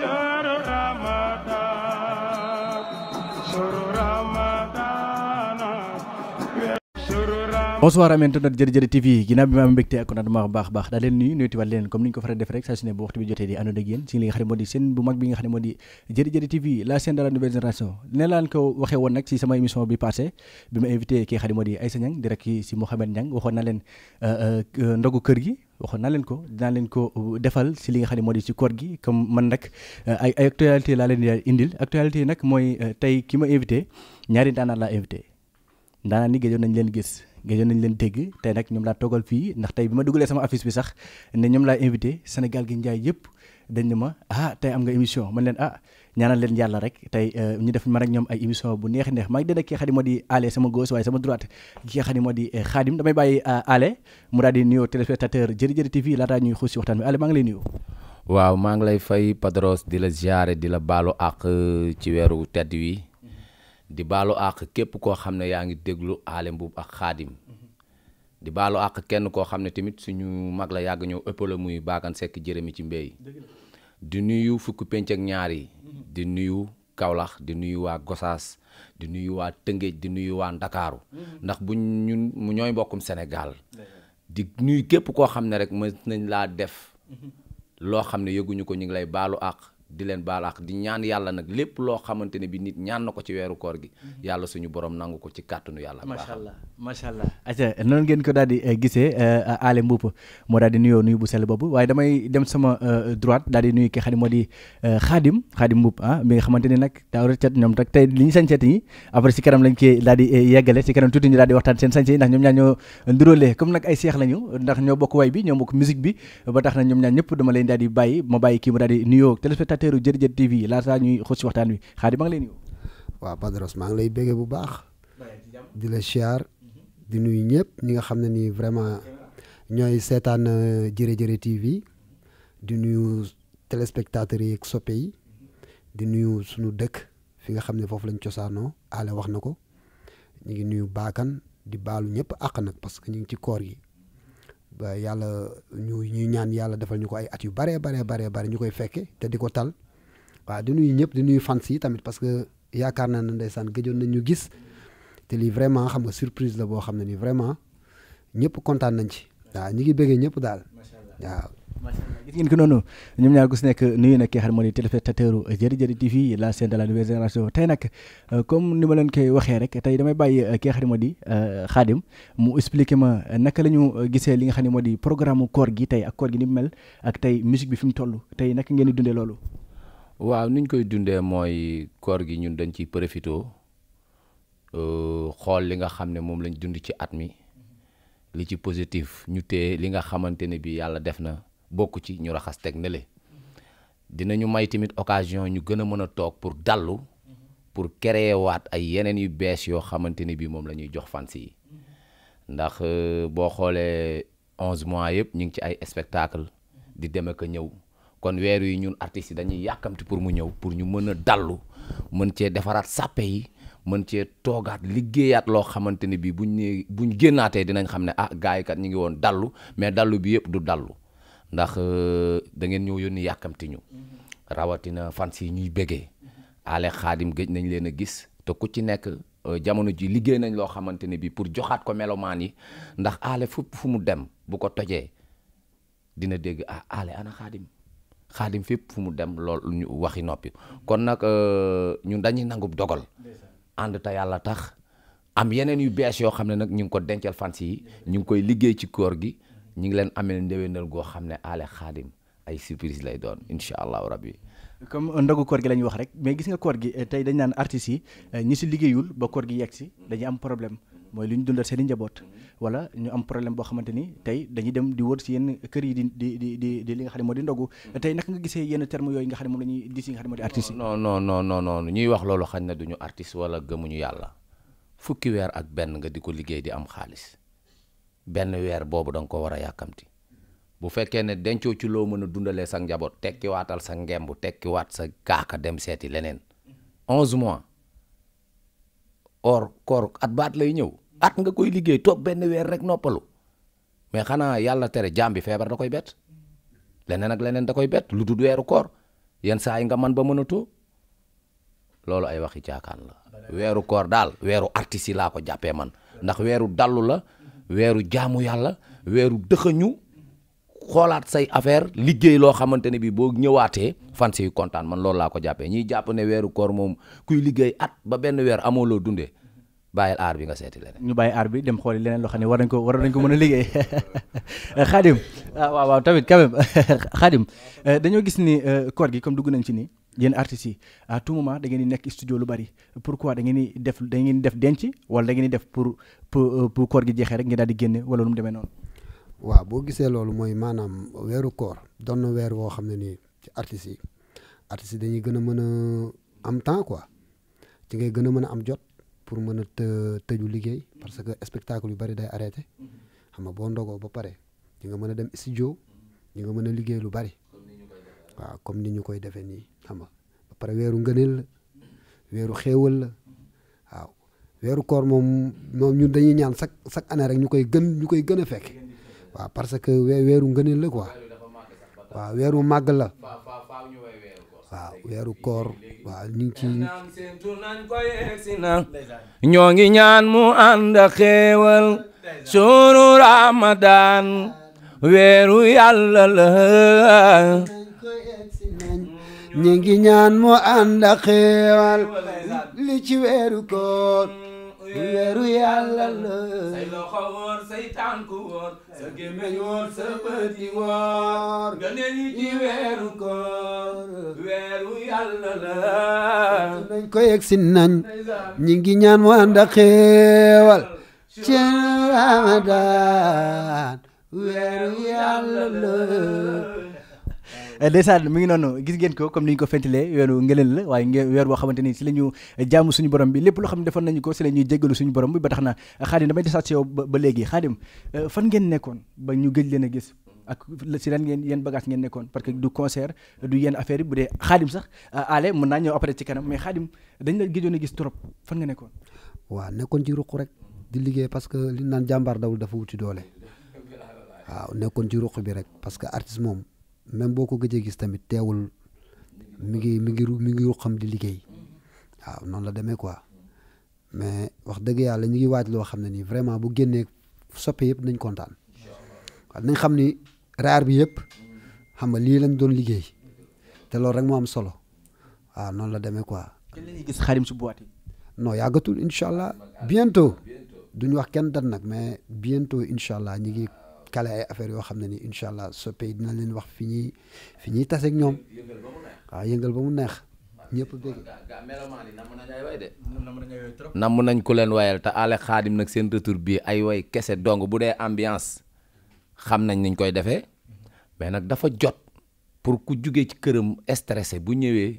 شهر رمضان bonsoir amen tonton jërëjërë TV ginnaaw bi ma am mbégte ak contentement bu baax baax daa leen nuyu nuyuwaat leen comme ni ñu ko faral def rek saa su ne bu waxtu bi jotee di àndoon ak yéen si li nga xam ne seen bu mag bi nga xam ne moo di jërëjërë TV la chaîne de la nouvelle génération ne laan ko waxee woon nag si bi nga xam ne si waxoon na euh, euh, leen ko dinaa leen ko euh, defal si li nga xam ne moo di si koor gi comme man nag ay actualité laa leen di indil actualité yi nag mooy tey ki ma invité ñaari daanaan laa invité daanaan ni géejoon nañ leen gis gëjoon nañ leen dégg tey nag ñoom laa toogal fii ndax tey bi ma dugalee sama affiche bi sax ne ñoom laa invité Sénégal gi njaay yëpp dañ ne ma ah tey am nga émission man leen ah ñaanal leen yàlla rek tey euh, ñu def man ak ñoom ay émission bu neex neex maa ngi dana kii xadi moo di Ale sama gos waaye sama droite kii xadi moo di Xaadim euh, damay bàyyi euh, Ale mu daal di nuyoo téléspectateur Jëri Jëri TV laataa ñuy xuus si waxtaan bi Ale maa ngi lay nuyu waaw maa ngi lay fay Padros di la ziare di la baalu àq ci weeru tedd wi di baalu àq képp koo xam ne yaa ngi déglu aale mbuub ak xaadim di baalu àq kenn koo xam ne tamit suñu mag la yàgg ñëw ëppale muy baakan sekk jërëmi ci mbéy di nuyu fukk penc ak ñaar yi di nuyu kawlax di nuyu waa Gosaas di nuyu waa Tëngéej di nuyu waa Ndakaaru ndax bu ñu mu ñooy mbokkum Sénégal di nuyu képp koo xam ne rek mën nañ laa def mhm. loo xam ne yëguñu ko ñu ngi lay baalu àq di leen baalax di ñaan yàlla nag lépp loo xamante bi nit ñaan na ko ci weeru koor gi yàlla suñu borom nangu ko ci kàttanu yàlla macha allah macha allah aca noonu ngeen ko daal di eh, gisee eh, Alé Mboup moo daal di nuyu bu sell boobu waaye damay dem sama eh, droite daal di nuyu ki xam moo di Xaadim Xaadim Mboup ah nga xamante ne nag daawra cat ñoom tak tey li ñu sañseet ñi après si kanam lañ koy daal di yeggale si kanam tuuti ñu daal di waxtaan seen téléspectateur u Jërëjët TV laataa ñuy xóot si waxtaan wi Xaadim maa ngi lay waaw Padros maa ngi lay béggee bu baax. di la siyaar di nuyu ñëpp ñi nga xam ne nii vraiment ñooy seetaan euh, Jërëjët TV di nuyu téléspectateurs yi ak soppe yi di nuyu sunu dëkk fi nga xam ne foofu lañ cosaano ale wax na ko ñu ngi nuyu baakan di baalu ñëpp àq nag parce que ñu ngi ci koor yi ba yàlla ñu ñuy ñaan yàlla defal ñu ko ay at yu baree baree baree bare ñu koy fekke te di ko tal waaw di nuyu ñëpp di nuyu fans yi tamit parce que yaakaar naa ne ndeysaan géjoon nañ ñu gis te lii vraiment xam nga surprise la boo xam ne nii vraiment ñëpp kontaan nañ ci waaw ñi ngi bëggee ñëpp daal. waaw gis ngeen ko noonu ñoom ñaa gu si nekk nuyu na kii xam moo di téléspectateur jari Jeri TV la chaîne a la nouvelle tey nag euh, comme ni ma leen koy waxee rek tey damay bàyyi euh, kii xam moo di Xaadim euh, mu expliquer ma naka la ñu gisee li nga xam ne moo di programme koor gi tey ak koor gi ni mu mel ak tey bi fi mu toll tey naka ngeen di loolu. waaw ni koy dundee mooy koor gi ñun dañ ciy profité xool li nga xam ne moom lañ dund ci at mi. li ci positif ñu téye li nga xamante ne bi yàlla def na bokk ci ñu raxas teg ne le dinañu may tamit occasion ñu gën a mën a toog pour dallu pour créer waat ay yeneen yu bees yoo xamante ne bi moom la ñuy jox fans yi ndax euh, boo xoolee onze mois yëpp ñu ngi ci ay spectacle di dem ko ñëw kon weer yi ñun artistes dañuy yàkkamti pour mu ñëw pour ñu mën a dallu mën cee defaraat sàppe yi mën ci toogaat liggéeyaat loo xamante ni bii buñ nee buñ génnaatee dinañ xam ne ah gars yi ñu ngi woon dallu mais dallu bi yëpp du dallu ndax euh, da ngeen ñëw yónni yàkkamti ñu mm-hmm. rawatina fans yi ñuy bégee ale xaadim géej nañ leen a gis te ku ci nekk euh, jamono ji liggéey nañ loo xamante ne bii pour joxaat ko melomaan yi ndax ale fu fu mu dem bu ko tojee dina dégg ah ale ana xaadim xaadim fépp fu mu dem lool ñu waxi noppi mm-hmm. kon nag euh, ñu dañuy nangub dogal ànd te yàlla tax am yeneen yu bees yoo xam ne nag ñu ngi ko dencal fans yi ñu ngi koy liggéey ci koor gi ñu ngi leen amee ndéwénal goo xam ne ale xaadim ay surprise lay doon incha allahu rabbi comme ndogu koor gi la ñu wax rek mais gis nga koor gi tey dañ naan artistes yi ñi si liggéeyul ba koor gi yegg si dañuy am problème mooy lu ñu dundal seen i njaboot wala ñu am problème boo xamante ni tey dañuy dem di wër si yenn kër yi di di di di li nga xam ne moo di ndogu mm. tey naka nga gisee yenn terme yooyu nga xam ne moom la ñuy di si nga xam ne moo di artistes yi non non non non ñuy wax loolu xañ na duñu artiste wala gëmuñu yàlla fukki weer ak benn nga di ko liggéey di am xaalis benn weer boobu danga ko war a yàkkamti bu fekkee ne dencoo ci loo mën a dundalee sa njaboot tekkiwaatal sa ngemb tekkiwaat sa kaaka dem seeti leneen onze mois or koor baat lay ñëw at nga koy liggéey toog benn weer rek noppalu mais xanaa yàlla tere jaam bi feebar da koy bett leneen ak leneen da koy bett lu dul weeru koor yenn saa yi nga man ba mënatoo loolu ay waxi caakaan la weeru koor daal weeru artiste laa ko jàppee man ndax weeru dallu la weeru jaamu yàlla weeru dëxëñu xoolaat say affaire liggéey loo xamante ne bii boo ñëwaatee fans yu kontaan man loolu laa ko jàppee ñiy jàpp ne weeru koor moom kuy liggéey at ba benn weer amoo dundee bàyyi aar bi nga seeti leneen. ñu bàyyi aar bi dem xooli leneen loo xam ne war nañ ko war mën a liggéey Khadim ah, waaw waaw tamit quand même Khadim eh, dañoo gis ni core eh, gi comme dugg nañ ci ni yéen artistes yi à tout moment da ngeen di nekk studio lu bari pourquoi da ngeen di def da ngeen def denc wala da ngeen def pour pour euh, pour koor gi jeexee rek ngeen daal di génne wala lu mu demee noonu. waaw boo gisee loolu mooy maanaam weeru koor doon na weer woo xam ne nii ci artistes yi artistes dañuy gën a mën a am temps quoi ci ngay gën a mën a am jot. pour mën a liggéey parce que spectacle yu bari day arrêté xam nga boo ndogoo ba pare di nga mën a dem studio ñu nga mën a liggéey lu bari waaw comme ni ñu koy defee nii xam nga ba pare weeru ngëneel la weeru xéewal la waaw weeru koor moom moom ñun dañuy ñaan chaque chaque année rek ñu koy gën ñu koy gën a fekk waaw parce que weeru ngëneel la ko waaw weeru màgg la. waaw weeru koor ngi ñoo ngi ñaan mu ànd a xéewal sunu ramadan weeru yàlla la ñu ngi ñaan mu ànd a li ci weeru koor wéeru yàlla la say loxo wóor say tànk wóor sa gémmiñ wóor sa bët yi wóor nga ko yegg si nañ ñi ngi ñaan mu ànd ci ramadan weeru yàlla la Eh, ndeysaan mi ngi noonu gis ngeen ko comme ni ñu ko fentilee weeru ngëleel la waaye weer boo xamante ni si la ñu jaamu suñu borom bi lépp loo xam eh, nekkoon ba ñu gëj leen a gis ak si lan ngeen yeen ngeen nekkoon parce que du concert du yenn affaire yi bu dee xaadim sax eh, ale mën naa ñëw après ci kanam mais xaadim dañ la gëjoon a gis trop fan nga nekkoon waaw nekkoon ci ruq rek di liggéey parce que li naan jàmbaar dawul dafa wuti doole waaw nekkoon ci ruq bi rek parce que artiste même boo ko gëjee gis tamit teewul mi ngi mi ngi mi ngi ruqam di liggéey waaw noonu la demee quoi mais wax dëgg yàlla ñu ngi waaj loo xam ne nii vraiment bu génneek soppe yëpp nañ kontaan waaw nañ xam ni raar bi yëpp xam nga lii lañ doon liggéey te loolu rek moo am solo waaw noonu la demee quoi. gis xarim si boîte yi. non yàggatul incha allah bientôt duñ wax kenn dat nag mais bientôt incha allah ñu kale ay affaire yoo xam ne ni incha allah soppe yi dina leen wax fi ñuy fi ñuy tase ñoom waaw yëngal ba mu neex ñëpp bëgg namm nañ ko leen wayal te ale xaadim nag seen retour bii ay way kese dong bu dee ambiance xam nañ niñ koy defee mais nag dafa jot pour ku jugee ci këram stressé bu ñëwee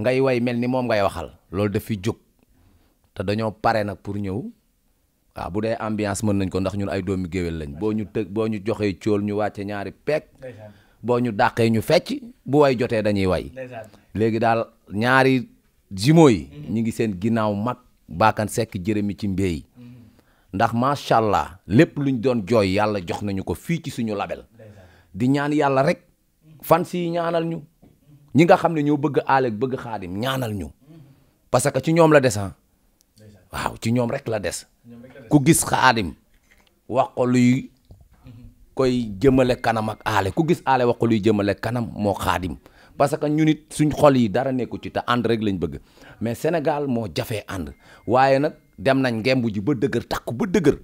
ngay way mel ni moom ngay waxal loolu daf jóg te dañoo pare nag pour ñëw waaw bu dee ambiance mën nañ ko ndax ñun ay doomi géwél lañ boo ñu tëg boo ñu joxee cóol ñu wàcce ñaari peeg boo ñu dàqee ñu fecc bu way jotee dañuy way léegi daal ñaari jumeaux yi mhm. ñu ngi seen ginnaaw mag baakan sekk jërëmi ci mbéy mhm. ndax macha allah lépp luñ doon jooy yàlla jox nañu ko fii ci suñu label di ñaan yàlla rek fans yi ñaanal ñu ñi nga xam ne ñoo bëgg aaleeg bëgg xaadim ñaanal ñu mhm. parce que ci ñoom la des ah. waaw ci ñoom rek la des ku gis xaadim wax ko luy koy jëmale kanam ak aale ku gis aale wax ko luy jëmale kanam moo xaadim parce que ñu nit suñ xol yi dara nekku ci te ànd rek lañ bëgg mais Sénégal moo jafee ànd waaye nag dem nañ ngemb ji ba dëgër takku ba dëgër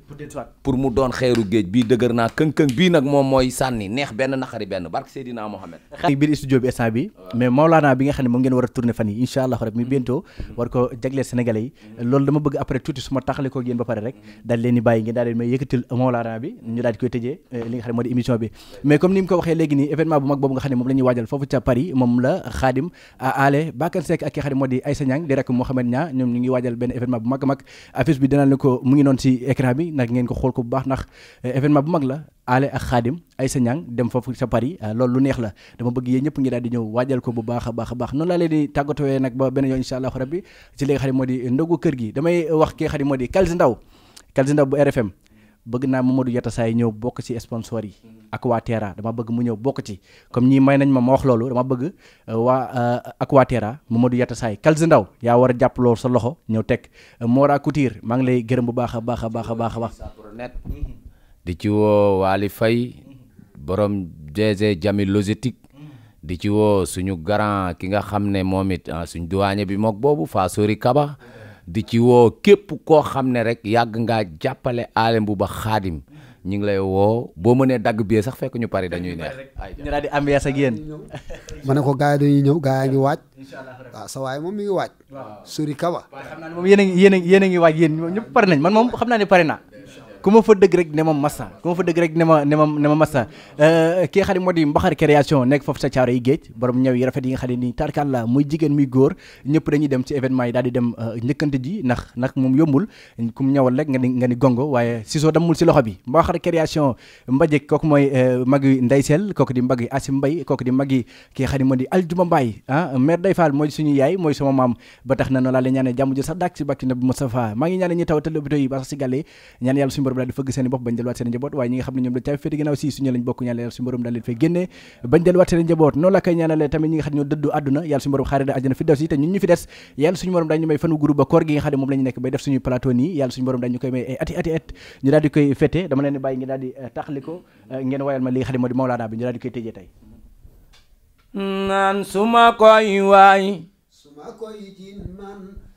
pour mu doon xeeru géej bii dëgër naa këng-këng bii nag moom mooy sànni neex benn naxari benn barke Seydina Mohamed biir studio a tourné fan mm-hmm. mm-hmm. loolu dama bëgg après tuuti su ma taxalikoo yéen ba pare rek mm-hmm. daal leen di bàyyi ngeen daal leen may yëkkatil Maolana bi ñu daal di koy tëjee eh, li ah, ñoom ñu ngi waajal benn événement bu mag mag affiche bi dinañ la ko mu ngi noonu ci écran bi nag ngeen ko xool ko bu baax ndax eh, événement bu mag la ale ak xaadim ay sa ñang dem foofu sa Paris ah, loolu lu neex la dama bëgg yéen ñëpp ngi daal di ñëw waajal ko bu baax a baax a baax noonu laa leen di tàggatoo nag ba benn yoon incha allahu rabbi ci li nga moo di ndogu kër gi damay wax kee nga xam moo di Kalsi Ndaw Kalsi Ndaw bu RFM bëgg naa Mamadou Yatassay ñëw bokk ci sponsor yi Aquaterra dama bëgg mu ñëw bokk ci comme ñii may nañ ma ma wax loolu dama bëgg euh, waa euh, Aquaterra Mamadou Yatassay Kalzi Ndaw yaa war a jàpp loolu sa loxo ñëw teg euh, Mora Couture maa ngi lay gërëm bu baax a baax a baax a baax a baax di ci woo Waly Faye borom DG Jami Logistique di ci woo suñu grand ki nga xam ne moom it suñ duwaañe bi mook boobu Fasori Kaba di ci woo képp koo xam ne rek yàgg ngaa jàppale aale bu ba xaadim ñu ngi lay woo boo mënee dagg bee sax fekk ñu pari dañuy neex. ñu daal di ambiance ak yéen. ma ne ko gars yi dañuy ñëw gars yi ngi waaj. waaw sa waay moom mi ngi waaj. sori kaba. waaw xam naa ne moom yéen a ngi yéen a ngi waaj yéen ñëpp pare nañ man moom xam naa ne pare naa. ku ma fa dëgg rek ne ma massa ku ma fa dëgg rek ne ma ne ma ne ma massa euh, ki nga xam moo di mbaxar création nekk foofu sa caaro yi géej borom ñëw yi rafet yi nga xam ne nii tarkal la muy jigéen muy góor ñëpp dañuy dem ci daal di dem euh, njëkkante ji ndax nag moom yombul ku mu ñëwal rek nga ni nga ni gongo waaye si soo damul si loxo bi mbaxar création mbajek kooku mooy euh, magi Ndey Sel kooku di magi Asim Mbay kooku di magi ki nga xam ne moo di Aljuma Mbaay ah Day Fall mooy suñu yaay mooy sama maam ba tax na noonu laa borom daal di fëgg seen bopp bañ delluwaat seen njaboot waaye ñi nga xam ne ñoom daal leen fay gi nga xam ma koy waay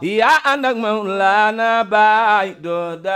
yaa ànd ak Mawlana Baay doo